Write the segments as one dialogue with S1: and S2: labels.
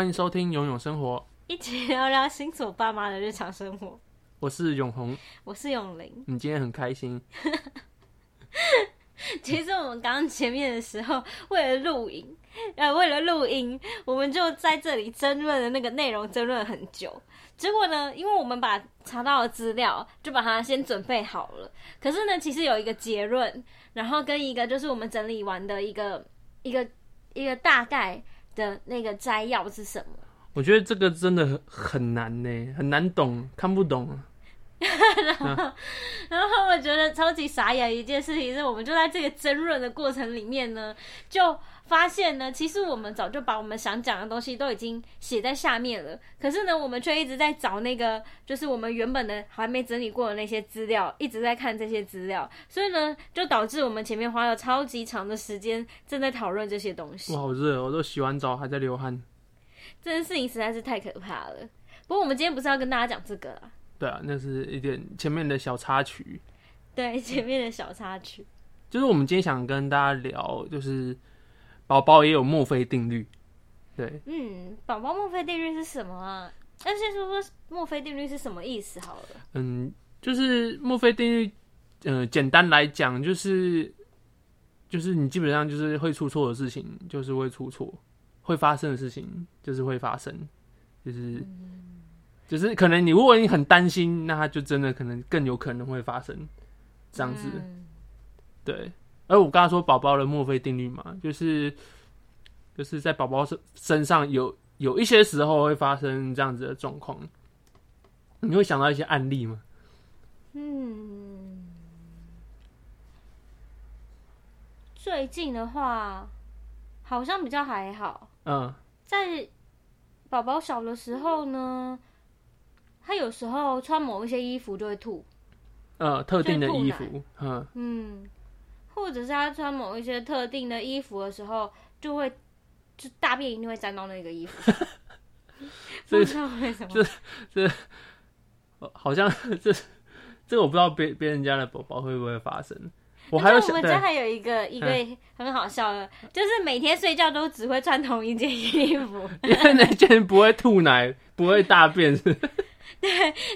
S1: 歡迎收聽《永詠生活》，
S2: 一起聊聊新手爸媽的日常生活。
S1: 我是永紅，
S2: 我是詠琳。你
S1: 今天很開心。
S2: 其實我們剛剛前面的時候，為了錄影，呃， 為了錄音，我們就在這裡爭論的那個內容，爭論很久。結果呢，因為我們把查到的資料就把它先準備好了。可是呢，其實有一個結論，然後跟一個就是我們整理完的一個一個一個大概的那個摘要是什麼？
S1: 我覺得這個真的很難呢，很難懂，看不懂。
S2: 然後，啊、然後我覺得超級傻眼一件事情是，我們就在這個爭論的過程裡面呢，就發現呢，其實我們早就把我們想講的東西都已經寫在下面了，可是呢，我們卻一直在找那個，就是我們原本的還沒整理過的那些資料，一直在看這些資料，所以呢，就導致我們前面花了超級長的時間正在討論這些東西。哇，好
S1: 熱、哦！我都洗完澡還在流汗。
S2: 這件事情實在是太可怕了。不過，我們今天不是要跟大家講這個了
S1: 對啊，那是一點前面的小插曲。
S2: 對，前面的小插曲
S1: 就是我們今天想跟大家聊，就是寶寶也有墨菲定律。對，
S2: 嗯，寶寶墨菲定律是什麼啊？那先說說墨菲定律是什麼意思好了。
S1: 嗯，就是墨菲定律，呃，簡單來講就是，就是你基本上就是會出錯的事情，就是會出錯；會發生的事情，就是會發生，就是。嗯就是可能你如果你很擔心，那他就真的可能更有可能會發生這樣子的。嗯、對，而我剛剛說寶寶的墨菲定律嘛，就是就是在寶寶身身上有有一些時候會發生這樣子的狀況。你會想到一些案例嗎？嗯，
S2: 最近的話好像比較還好。嗯，在寶寶小的時候呢。他有時候穿某一些衣服就會吐，
S1: 呃，特定的衣服，嗯
S2: 嗯，或者是他穿某一些特定的衣服的時候，就會就大便一定會沾到那個衣服，所以 不
S1: 知道為什麼，這這，這，好像這這個我不知道別別人家的寶寶會不會發生。我還有我們家還有一個對一個
S2: 很好笑的，嗯、就是每天睡覺都只會穿同一件衣服，
S1: 因為 那件不會吐奶， 不會大便是。
S2: 對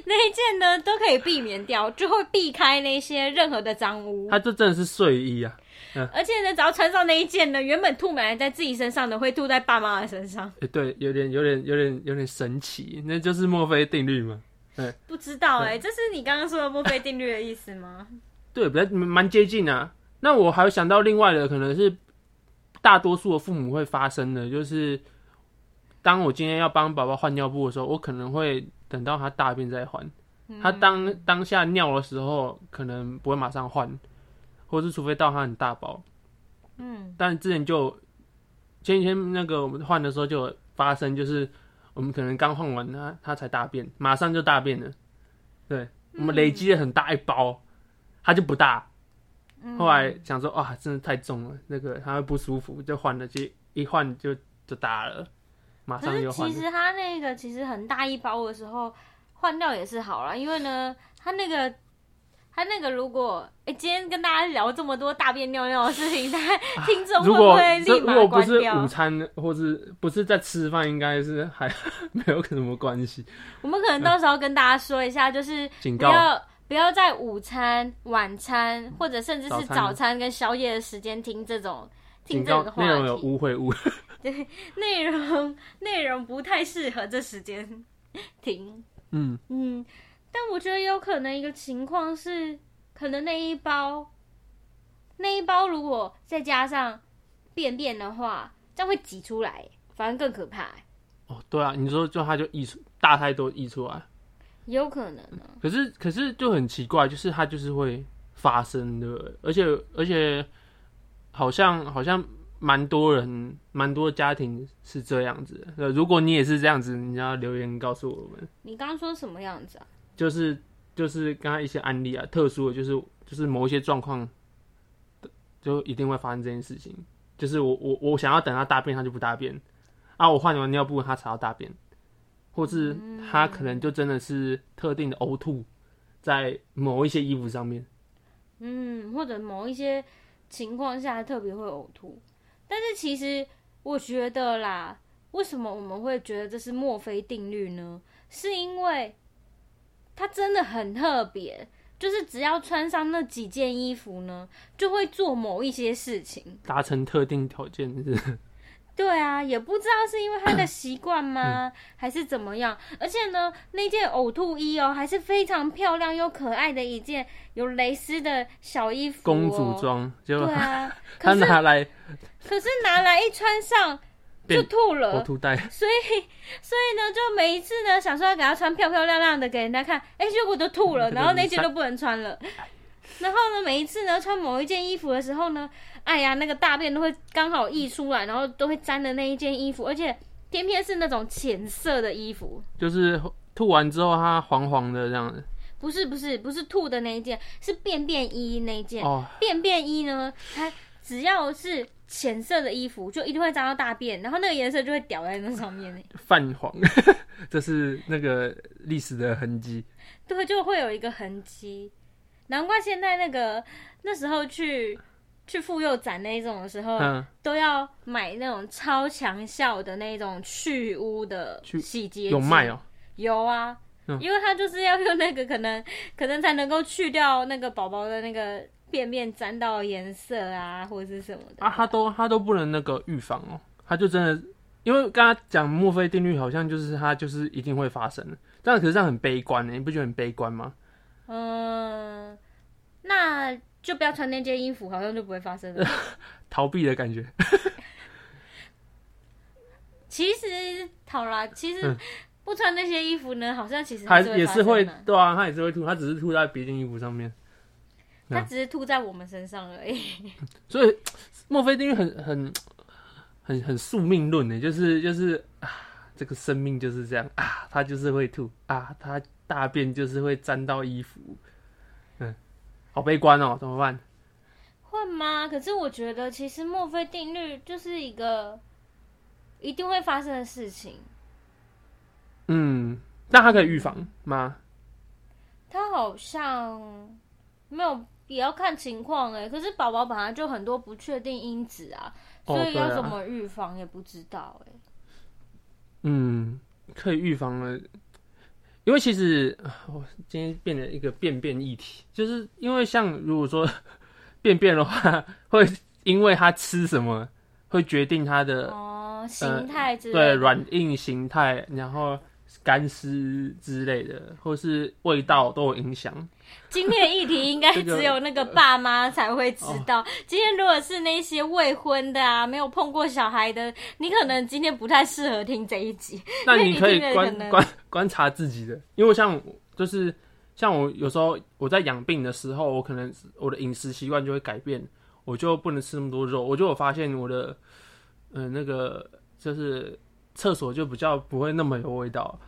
S2: 那一件呢，都可以避免掉，就會避開那些任何的髒污。它這
S1: 真的是睡衣啊！嗯、
S2: 而且呢，只要穿上那一件呢，原本吐奶在自己身上的會吐在爸媽的身上。
S1: 哎、欸，對，有點、有點、有點、有點神奇，那就是莫非定律嘛。對，
S2: 不知道哎、欸，對這是你剛剛說的莫非定律的意思嗎？
S1: 對，比較蠻接近啊。那我還有想到另外的，可能是大多數的父母會發生的就是，當我今天要幫寶寶換尿布的時候，我可能會。等到他大便再換，他當當下尿的時候，可能不會馬上換，或是除非到他很大包，嗯，但之前就前幾天那個我們換的時候就有發生，就是我們可能剛換完他，他才大便，馬上就大便了，對，我們累積了很大一包，他就不大，後來想說哇，真的太重了，那個他會不舒服，就換了去，一換就就大了。可是其實
S2: 他那個其實很大一包的時候換掉也是好了，因為呢，他那個他那個如果哎、欸，今天跟大家聊這麼多大便尿尿的事情，大家聽眾會不會立馬關掉？啊、是午
S1: 餐或者不是在吃飯，應該是還沒有什麼關係。
S2: 我們可能到時候跟大家說一下，就是不要不要在午餐、晚餐或者甚至是早餐跟宵夜的時間聽這種警告，
S1: 聽這種話，那種有誤會，誤會。
S2: 對，內容內容不太適合這時間，停。嗯嗯，但我覺得有可能一個情況是，可能那一包那一包如果再加上便便的話，這樣會擠出來，反而更可怕。
S1: 哦，對啊，你說就它就溢出，大太多溢出來，
S2: 有可能啊。
S1: 可是可是就很奇怪，就是它就是會發生，對不對？而且而且好像好像。蠻多人，蠻多的家庭是這樣子的。如果你也是這樣子，你要留言告訴我們。
S2: 你剛剛說什麼樣子啊？
S1: 就是就是剛剛一些案例啊，特殊的，就是就是某一些狀況，就一定會發生這件事情。就是我我我想要等他大便，他就不大便啊！我換完尿布，他才要大便，或是他可能就真的是特定的嘔吐，在某一些衣服上面，
S2: 嗯，或者某一些情況下特別會嘔吐。但是其實我覺得啦，為什麼我們會覺得這是莫非定律呢？是因為它真的很特別，就是只要穿上那幾件衣服呢，就會做某一些事情，
S1: 達成特定條件，是。
S2: 對啊，也不知道是因為他的習慣嗎， 嗯、還是怎麼樣？而且呢，那件嘔吐衣哦、喔，還是非常漂亮又可愛的一件有蕾絲的小衣服、喔，公主裝。就對啊，可是他拿來，可是拿來一穿上
S1: 就吐了，嘔吐袋。
S2: 所以，所以呢，就每一次呢，想說要給他穿漂漂亮亮的給人家看，哎、欸，結果都吐了， 然後那件都不能穿了。 然後呢，每一次呢，穿某一件衣服的時候呢，哎呀，那個大便都會剛好溢出來，然後都會沾的，那一件衣服，而且偏偏是那種淺色的衣服，
S1: 就是吐完之後它黃黃的這樣子。
S2: 不是不是不是吐的那一件，是便便衣那一件。哦，oh. 便便衣呢，它只要是淺色的衣服，就一定會沾到大便，然後那個顏色就會掉在那上面，
S1: 泛黃， 這是那個歷史的痕跡。
S2: 對，就會有一個痕跡。難怪現在那個那時候去去婦幼展那種的時候，嗯、都要買那種超強效的那種去污的洗潔精，有賣哦、喔，有啊，嗯、因為它就是要用那個可能可能才能夠去掉那個寶寶的那個便便沾到的顏色啊，或者是什麼
S1: 的啊，它、啊、都它都不能那個預防哦、喔，它就真的因為剛剛講莫非定律，好像就是它就是一定會發生的，但可是這樣很悲觀、欸，你不覺得很悲觀嗎？
S2: 嗯，那就不要穿那件衣服，好像就不會發生了。
S1: 逃避的感覺。
S2: 其實，好啦，其實不穿那些衣服呢，好像其實還是也是會，
S1: 對啊，他也是會吐，他只是吐在別件衣服上面。他只
S2: 是吐在我們身上而已。
S1: 所以，莫非定律很很很很宿命論呢，就是就是啊，這個生命就是這樣啊，他就是會吐啊，他。大便就是會沾到衣服，嗯、好悲觀哦，怎麼辦？
S2: 會嗎？可是我覺得其實莫非定律就是一個一定會發生的事情。嗯，
S1: 那它可以預防嗎？
S2: 它好像沒有，也要看情況哎。可是寶寶本來就很多不確定因子啊，
S1: 哦、對啊，所以要怎麼
S2: 預防也不知道哎。
S1: 嗯，可以預防了。因為其實我今天變成一個便便議題，就是因為像如果說便便的話，會因為它吃什麼，會決定它的形態、哦、之類的、呃，對，軟硬形態，然後乾濕之類的，或是味道都有影響。
S2: 今天的議題應該只有那個爸媽才會知道。今天如果是那些未婚的啊，沒有碰過小孩的，你可能今天不太適合聽這一集。 那你可以觀觀
S1: 觀察自己的，因為像就是像我有時候我在養病的時候，我可能我的飲食習慣就會改變，我就不能吃那麼多肉，我就有發現我的嗯、呃、那個就是廁所就比較不會那麼有味道。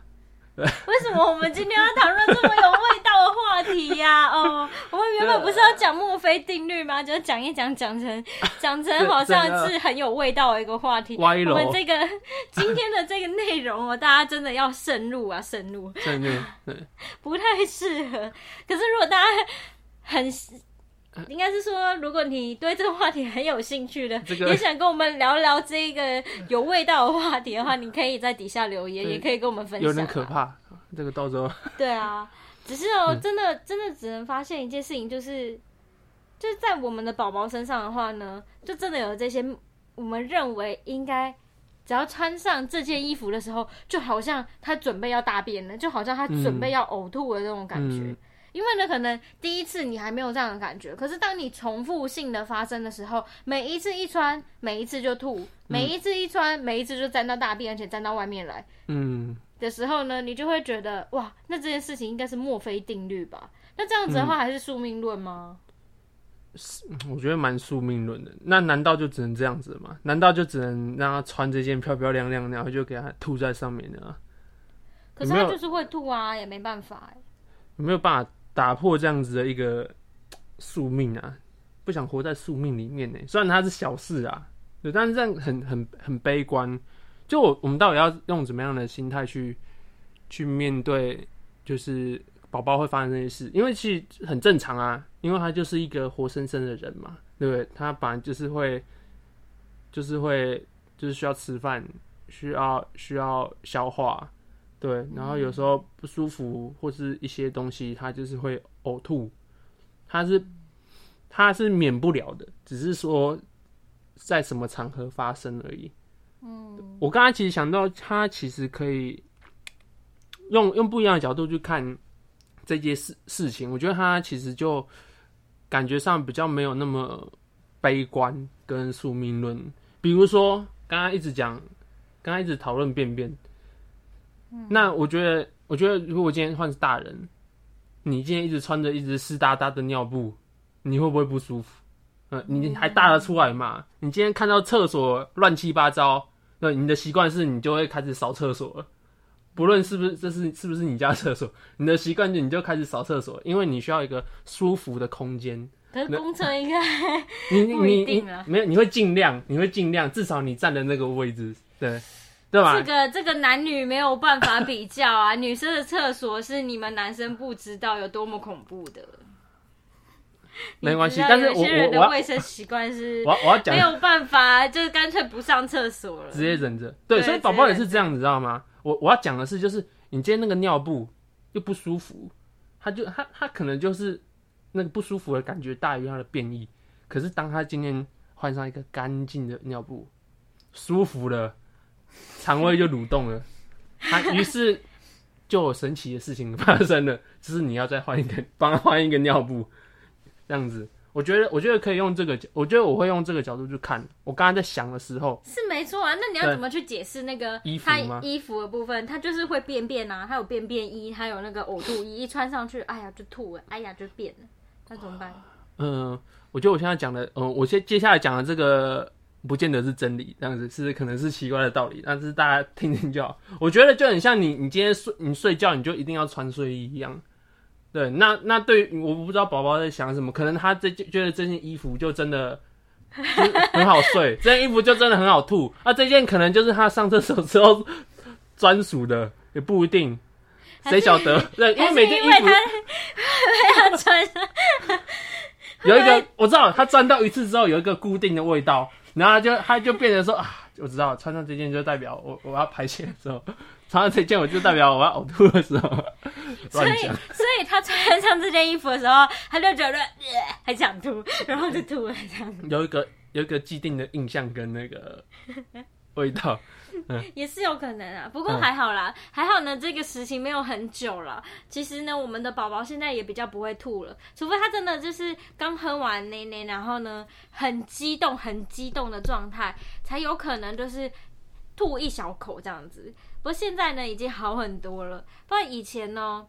S2: 為什麼我們今天要討論這麼有味道的話題呀、啊？哦， oh, 我們原本不是要講莫非定律嗎？就是講一講講成，講成好像是很有味道的一個話題。歪樓 我們這個今天的這個內容哦， 大家真的要慎入啊，慎入，慎入， 不太適合。可是如果大家很，很應該是說，如果你對這個話題很有興趣的，這個 也想跟我們聊聊這個有味道的話題的話， 你可以在底下留言，對也可以跟我們分享。有點可
S1: 怕，這個到時候。
S2: 對啊，只是哦、喔，嗯、真的，真的只能發現一件事情，就是，就是在我們的寶寶身上的話呢，就真的有這些，我們認為應該只要穿上這件衣服的時候，就好像他準備要大便了，就好像他準備要嘔吐的那種感覺。嗯嗯因為呢，可能第一次你還沒有這樣的感覺，可是當你重複性的發生的時候，每一次一穿，每一次就吐，嗯、每一次一穿，每一次就沾到大便，而且沾到外面來，嗯，的時候呢，你就會覺得哇，那這件事情應該是莫非定律吧？那這樣子的話，還是宿命論嗎、嗯？
S1: 是，我覺得蠻宿命論的。那難道就只能這樣子嗎？難道就只能讓他穿這件漂漂亮亮，然後就給他吐在上面的？可是他就是
S2: 會吐啊，有沒有也沒辦法、欸、
S1: 有沒有辦法。打破這樣子的一個宿命啊，不想活在宿命裡面呢。雖然它是小事啊，對，但是這樣很很很悲觀。就我，我們到底要用怎麼樣的心態去去面對，就是寶寶會發生那些事？因為其實很正常啊，因為他就是一個活生生的人嘛，對不對？他本來就是會，就是會，就是需要吃飯，需要需要消化。對，然後有時候不舒服或是一些東西，他就是會嘔吐，他是他是免不了的，只是說在什麼場合發生而已。嗯，我剛才其實想到，他其實可以用用不一樣的角度去看這件事事情，我覺得他其實就感覺上比較沒有那麼悲觀跟宿命論。比如說，剛剛一直講，剛剛一直討論便便。那我覺得，我覺得如果今天換是大人，你今天一直穿着一直濕噠噠的尿布，你會不會不舒服？嗯、呃，你還大得出來嘛？你今天看到廁所亂七八糟，那、呃、你的習慣是你就會開始掃廁所了，不論是不是這是是不是你家廁所，你的習慣就是你就開始掃廁所了，因為你需要一個舒服的空間。可是工
S2: 程應該、呃、 你一定你你，你沒有，
S1: 你會盡量，你會盡量，至少你站的那個位置，對。這個
S2: 這個男女沒有辦法比較啊， 女生的廁所是你們男生不知道有多麼恐怖的。
S1: 沒關係，但是 有些人的衛
S2: 生習慣是，我我要講沒有辦法，就是乾脆不上廁所了，直接
S1: 忍着。對，所以寶寶也是這樣子，知道嗎？我我要講的是，就是你今天那個尿布又不舒服，他就他他可能就是那個不舒服的感覺大於他的便意。可是當他今天換上一個乾淨的尿布，舒服了。腸胃就蠕動了，他、啊、於是就有神奇的事情發生了。就 是你要再換一個，幫他換一個尿布，這樣子。我覺得，我覺得可以用這個，我覺得我會用這個角度去看。我剛剛在想的時候，是
S2: 沒錯啊。那你要怎麼去解釋那個衣服它衣服的部分，它就是會便便啊，它有便便衣，還有那個嘔吐衣，一穿上去，哎呀就吐了，哎呀就變了，那怎麼辦？嗯、呃，
S1: 我覺得我現在講的，嗯、呃，我接接下來講的這個。不見得是真理，這樣子是可能是奇怪的道理，但是大家聽聽就好。我覺得就很像你，你今天睡你睡覺，你就一定要穿睡衣一樣。對，那那對於我不知道寶寶在想什麼，可能他這覺得這件衣服就真的很好睡， 這件衣服就真的很好吐。啊，這件可能就是他上廁所之後專屬的，也不一定，誰是曉得？是
S2: 對，因為每件衣服有，
S1: 有一個會我知道，他沾到一次之後有一個固定的味道。然後就他就變成說啊，我知道，穿上這件就代表我我要排泄的時候，穿上這件我就代表我要嘔吐的時候，以亂講。所以
S2: 所以他穿上這件衣服的時候，他就覺得，呃，還想吐，然後就吐了這樣。
S1: 有一個有一個既定的印象跟那個味道。
S2: 也是有可能啊，不過還好啦，啊、還好呢。這個時期沒有很久了。其實呢，我們的寶寶現在也比較不會吐了，除非他真的就是剛喝完奶奶，然後呢很激動、很激動的狀態，才有可能就是吐一小口這樣子。不過現在呢，已經好很多了。不過以前呢，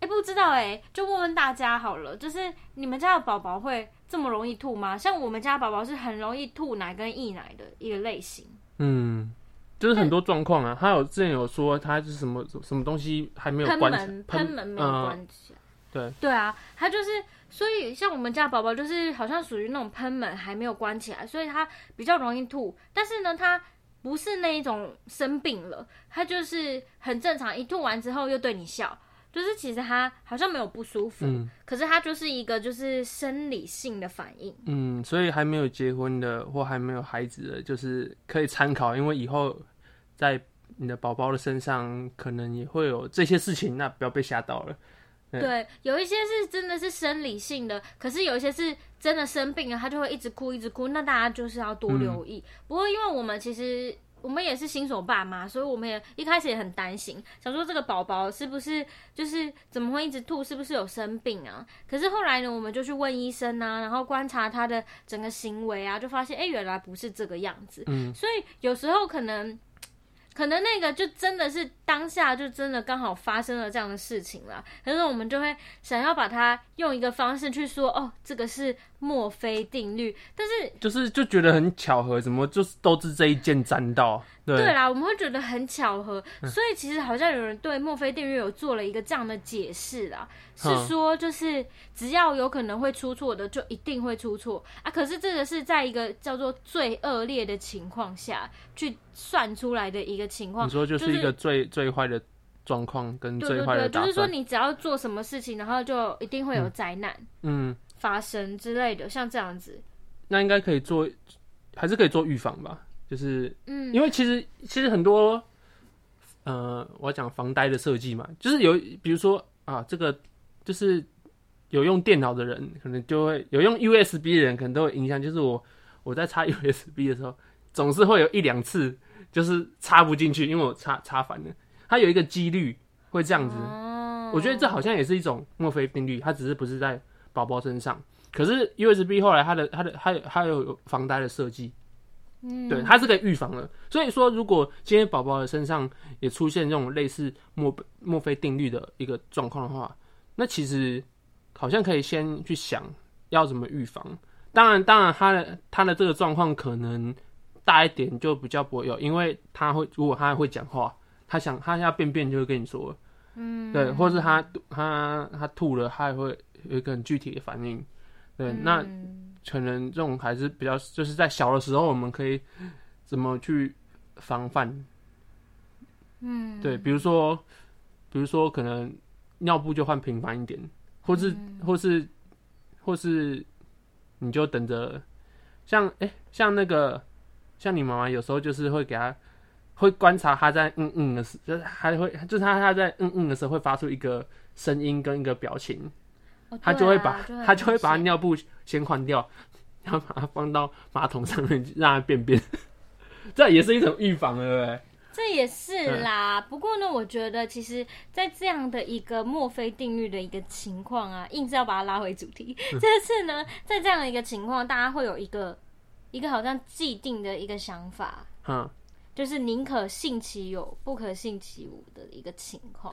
S2: 哎、欸，不知道哎、欸，就問問大家好了，就是你們家的寶寶會這麼容易吐嗎？像我們家寶寶是很容易吐奶跟溢奶的一個類型，嗯。
S1: 就是很多狀況啊，但他有之前有說他就是什麼什麼東西還沒有關，噴門，噴噴門沒有關起來，呃、對，
S2: 對啊，他就是，所以像我們家寶寶就是好像屬於那種噴門還沒有關起來，所以他比較容易吐，但是呢，他不是那一種生病了，他就是很正常，一吐完之後又對你笑。就是其實他好像沒有不舒服，嗯、可是他就是一個就是生理性的反應。
S1: 嗯，所以還沒有結婚的或還沒有孩子的，就是可以參考，因為以後在你的寶寶的身上可能也會有這些事情，那不要被嚇到了。對，對，
S2: 有一些是真的是生理性的，可是有一些是真的生病了，他就會一直哭一直哭，那大家就是要多留意。嗯、不過因為我們其實。我們也是新手爸媽，所以我們也一開始也很擔心，想說這個寶寶是不是、就是、就是怎麼會一直吐，是不是有生病啊？可是後來呢，我們就去問醫生啊，然後觀察他的整個行為啊，就發現哎、欸，原來不是這個樣子。嗯、所以有時候可能。可能那個就真的是當下就真的剛好發生了這樣的事情了，可是我們就會想要把它用一個方式去說，哦，這個是莫非定律，但是
S1: 就是就覺得很巧合，怎麼就是都是這一件沾到？對，對啦，
S2: 我們會覺得很巧合，嗯、所以其實好像有人對墨菲定律有做了一個這樣的解釋啦，嗯、是說就是只要有可能會出錯的，就一定會出錯啊。可是這個是在一個叫做最惡劣的情況下去算出來的一個情況，你說就是一個、就是，
S1: 最最壞的狀況跟最壞的打算，對對對，就
S2: 是說你只要做什麼事情，然後就一定會有災難嗯，嗯發生之類的，像這樣子，
S1: 那應該可以做，還是可以做預防吧。就是，嗯，因為其實其實很多，呃，我要講防呆的設計嘛，就是有比如說啊，這個就是有用電腦的人可能就會有用 USB 的人可能都有影響，就是我我在插 USB 的時候，總是會有一兩次就是插不進去，因為我插插反了，它有一個幾率會這樣子。哦，我覺得這好像也是一種莫非定律，它只是不是在寶寶身上，可是 USB 後來它的它的它的它有它有防呆的設計。嗯， 對，它是可以預防的。所以說，如果今天寶寶的身上也出現這種類似莫莫非定律的一個狀況的話，那其實好像可以先去想要怎麼預防。當然，當然，他的他的這個狀況可能大一點就比較不會有，因為他會，如果他會講話，他想他要便便就會跟你說，嗯，對，或者他他他吐了，他也會有一個很具體的反應，對，那。可能這種還是比較，就是在小的時候，我們可以怎麼去防範？嗯，對，比如說，比如說，可能尿布就換頻繁一點，或是或是或是，或是你就等着。像、欸、哎，像那個，像你媽媽有時候就是會給他，會觀察他在嗯嗯的時，還會就是他他在嗯嗯的時候會發出一個聲音跟一個表情，
S2: 他就會把他就會把她
S1: 尿布，先換掉，然後把它放到馬桶上面讓它便便， 這也是一種預防，對不對？
S2: 這也是啦。嗯、不過呢，我覺得其實在這樣的一個墨菲定律的一個情況啊，硬是要把它拉回主題。這次、嗯、呢，在這樣的一個情況，大家會有一個一個好像既定的一個想法，
S1: 嗯，
S2: 就是寧可信其有，不可信其無的一個情況。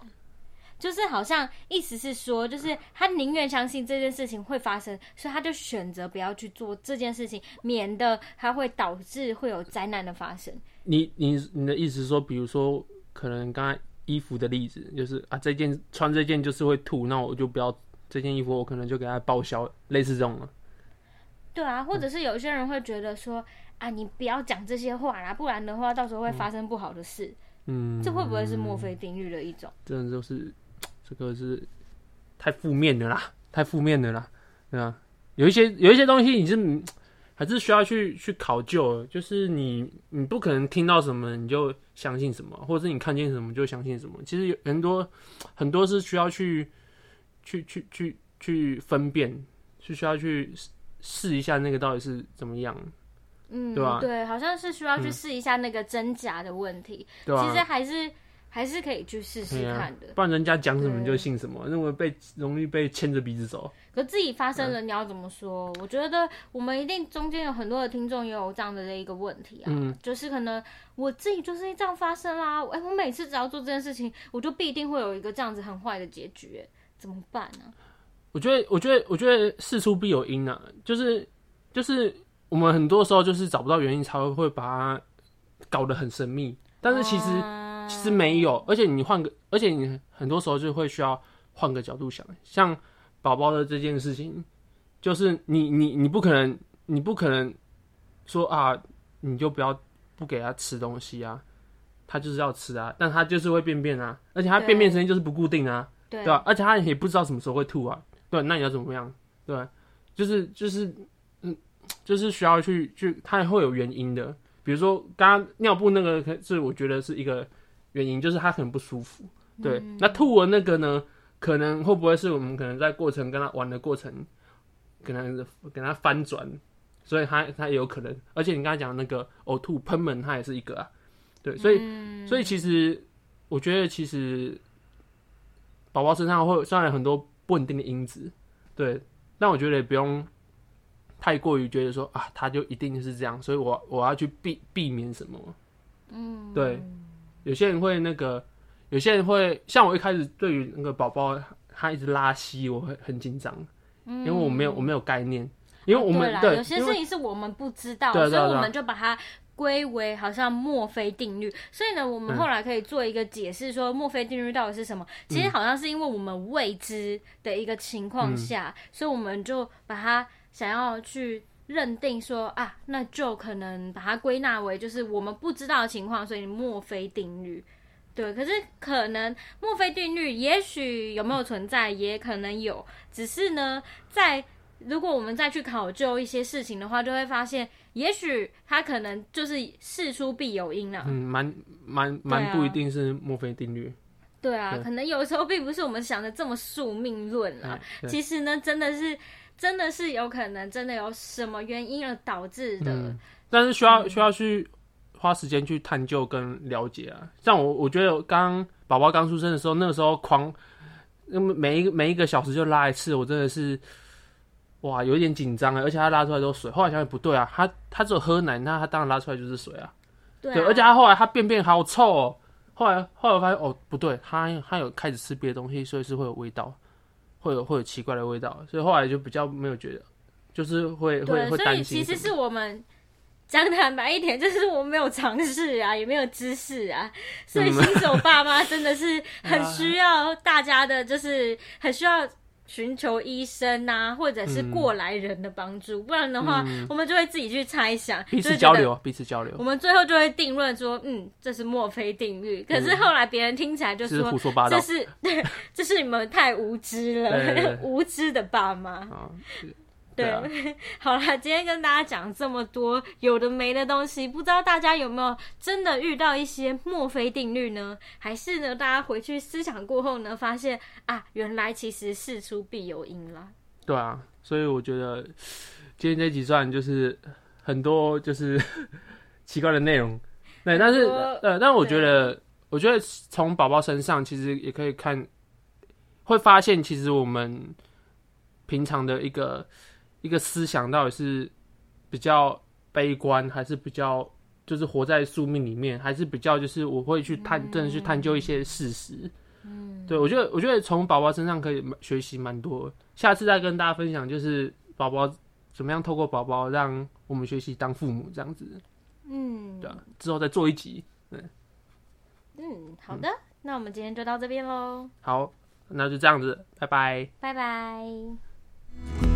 S2: 就是好像意思是說，就是他寧願相信這件事情會發生，所以他就選擇不要去做這件事情，免得它會導致會有災難的發生。
S1: 你你你的意思是說，比如說可能剛才衣服的例子，就是啊，這件穿這件就是會吐，那我就不要這件衣服，我可能就給他報銷，類似這種了、啊。
S2: 對啊，或者是有些人會覺得說、嗯、啊，你不要講這些話啦，不然的話到時候會發生不好的事。
S1: 嗯，這會不會是莫
S2: 非定律的
S1: 一種？的、嗯嗯、就是。這個是太負面的啦，太負面的啦，對吧？有一些有一些東西，你是還是需要去去考究，就是你你不可能聽到什麼你就相信什麼，或者是你看見什麼就相信什麼。其實有很多很多是需要去去去去去分辨，是需要去試一下那個到底是怎麼樣，嗯，對吧？對，
S2: 好像是需要去試一下那個真假的問題。嗯，對吧？其實還是。還是可以去試試看的、啊，不
S1: 然人家講什麼你就信什麼，認、嗯、為被容易被牽着鼻子走。
S2: 可自己發生了，你要怎麼說？嗯、我覺得我們一定中間有很多的聽眾也有這樣的一個問題啊，嗯、就是可能我自己就是這樣發生啦。哎、欸，我每次只要做這件事情，我就必定會有一個這樣子很壞的結局，怎麼辦呢、啊？
S1: 我覺得，我覺得，我覺得事出必有因啊，就是就是我們很多時候就是找不到原因才會會把它搞得很神秘，但是其實。嗯其實沒有，而且你換個，而且你很多時候就會需要換個角度想，像寶寶的這件事情，就是你你你不可能，你不可能說啊，你就不要不給他吃東西啊，他就是要吃啊，但他就是會便便啊，而且他便便聲音就是不固定啊，對，對吧？對，而且他也不知道什麼時候會吐啊，對，那你要怎麼樣？對，就是就是嗯，就是需要去去，他也會有原因的，比如說剛剛尿布那個是我覺得是一個。原因就是他很不舒服，對。嗯、那吐和那個呢，可能會不會是我們可能在過程跟他玩的過程，可能跟他翻轉，所以他他也有可能。而且你剛才講的那個嘔、哦、吐噴門，他也是一個啊，對。所以、嗯、所以其實我覺得其實寶寶身上會上來很多不穩定的因子，對。但我覺得也不用太過於覺得說啊，他就一定是這樣，所以我我要去避避免什麼，嗯，對。有些人會那個，有些人會像我一開始對於那個寶寶他一直拉稀，我會很緊張，因為我沒有、嗯、我沒有概念，因為我們、啊、對，對有些事情
S2: 是我們不知道，對對對對，所以我們就把它歸為好像莫非定律。對對對，所以呢，我們後來可以做一個解釋，說莫非定律到底是什麼？嗯、其實好像是因為我們未知的一個情況下，嗯、所以我們就把它想要去。認定說啊，那就可能把它歸納為就是我們不知道的情況，所以莫非定律。對，可是可能莫非定律也許有沒有存在，嗯、也可能有。只是呢，在如果我們再去考究一些事情的話，就會發現，也許它可能就是事出必有因了、啊。嗯，
S1: 蠻蠻蠻不一定是莫非定律。
S2: 對啊，可能有時候並不是我們想的這麼宿命論了。啊啊、其實呢，真的是。真的是有可能，真的有什麼原因而導致的。
S1: 嗯，但是需要需要去花時間去探究跟了解啊。像我，我覺得剛寶寶剛出生的時候，那個時候狂，那麼每一個每一個小時就拉一次，我真的是，哇，有一點緊張啊。而且他拉出來都是水，後來想想不對啊，他他只有喝奶，那他當然拉出來就是水啊。對啊，對，而且他後來他便便好臭喔，哦，後來後來我發現哦，不對，他他有開始吃別的東西，所以是會有味道。會有會有奇怪的味道，所以後來就比較沒有覺得，就是會對會，會擔心。所以其實是
S2: 我們講坦白一點，就是我們沒有嘗試啊，也沒有知識啊，所以新手爸媽真的是很需要大家的，就是很需要。尋求醫生吶、啊，或者是過來人的幫助，嗯、不然的話，嗯、我們就會自己去猜想，彼此交流，
S1: 彼此交流。我
S2: 們最後就會定論說，嗯，這是莫非定律。嗯、可是後來別人聽起來就說，這是胡說八道，這是，對，這是你們太無知了，無知的爸媽。
S1: 對、
S2: 啊， 好啦，今天跟大家講這麼多有的沒的東西，不知道大家有沒有真的遇到一些莫非定律呢？還是呢，大家回去思想過後呢，發現啊，原來其實事出必有因啦。
S1: 對啊，所以我覺得今天這幾段就是很多就是 奇怪的內容。對，但是我呃，但我覺得對我覺得從寶寶身上其實也可以看，會發現其實我們平常的一個。一個思想到底是比較悲觀，還是比較就是活在宿命裡面，還是比較就是我會去探真的去探究一些事實。嗯，對我覺得我覺得從寶寶身上可以學習蠻多，下次再跟大家分享，就是寶寶怎麼樣透過寶寶讓我們學習當父母這樣子。嗯，對啊，之後再做一集。對，嗯，
S2: 好的，那我們今天就到這邊嘍。
S1: 好，那就這樣子，拜拜，
S2: 拜拜。